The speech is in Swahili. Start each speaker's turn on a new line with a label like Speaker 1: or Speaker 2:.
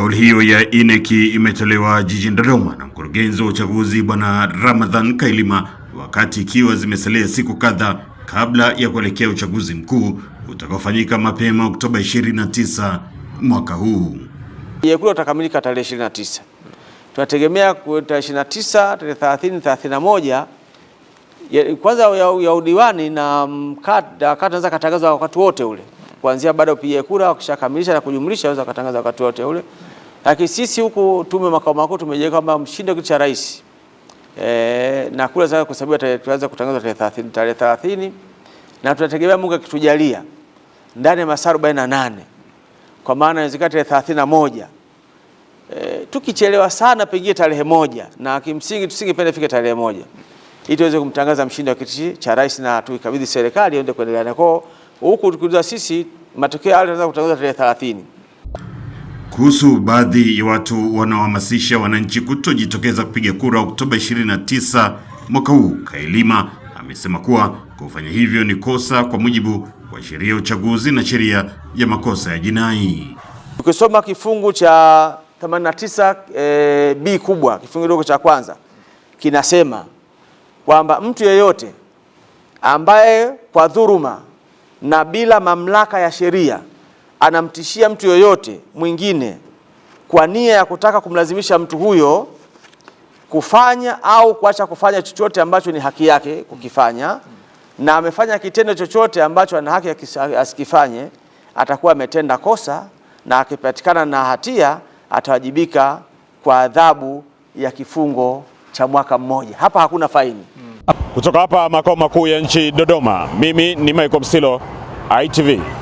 Speaker 1: Kauli hiyo ya INEC imetolewa jijini Dodoma na mkurugenzi wa uchaguzi Bwana Ramadhan Kailima wakati ikiwa zimesalia siku kadhaa kabla ya kuelekea uchaguzi mkuu utakaofanyika mapema Oktoba 29 mwaka huu.
Speaker 2: Piga kura utakamilika tarehe 29. Tunategemea tarehe 29, tarehe 30, 31 ya, kwanza ya, ya udiwani na mm, kata anaweza katangazwa wakati wote ule kuanzia baada ya kura, wakishakamilisha na kujumlisha, waweza katangaza wakati wote ule. Lakini sisi huku tume makao makuu tumejiweka kwamba mshindi wa kiti cha rais e, na kula za kuhesabiwa tutaanza kutangaza tarehe 30 tarehe 30 na tunategemea Mungu akitujalia ndani ya masaa 48 kwa maana inawezekana tarehe 31 e, tukichelewa sana pengine tarehe moja, na kimsingi tusingependa ifike tarehe moja ili tuweze kumtangaza mshindi wa kiti cha rais na tuikabidhi serikali iende kuendelea na kwao. huku tukiuliza sisi matokeo yale tunaweza kutangaza tarehe 30
Speaker 1: kuhusu baadhi ya watu wanaohamasisha wananchi kutojitokeza kupiga kura Oktoba 29 mwaka huu, Kailima amesema kuwa kufanya hivyo ni kosa kwa mujibu wa sheria ya uchaguzi na sheria ya makosa ya jinai.
Speaker 2: Ukisoma kifungu cha 89 e, eh, B kubwa kifungu kidogo cha kwanza kinasema kwamba mtu yeyote ambaye kwa dhuruma na bila mamlaka ya sheria anamtishia mtu yoyote mwingine kwa nia ya kutaka kumlazimisha mtu huyo kufanya au kuacha kufanya chochote ambacho ni haki yake kukifanya, na amefanya kitendo chochote ambacho ana haki asikifanye, atakuwa ametenda kosa, na akipatikana na hatia atawajibika kwa adhabu ya kifungo cha mwaka mmoja. Hapa hakuna faini.
Speaker 1: Kutoka hapa makao makuu ya nchi Dodoma, mimi ni Michael Msilo, ITV.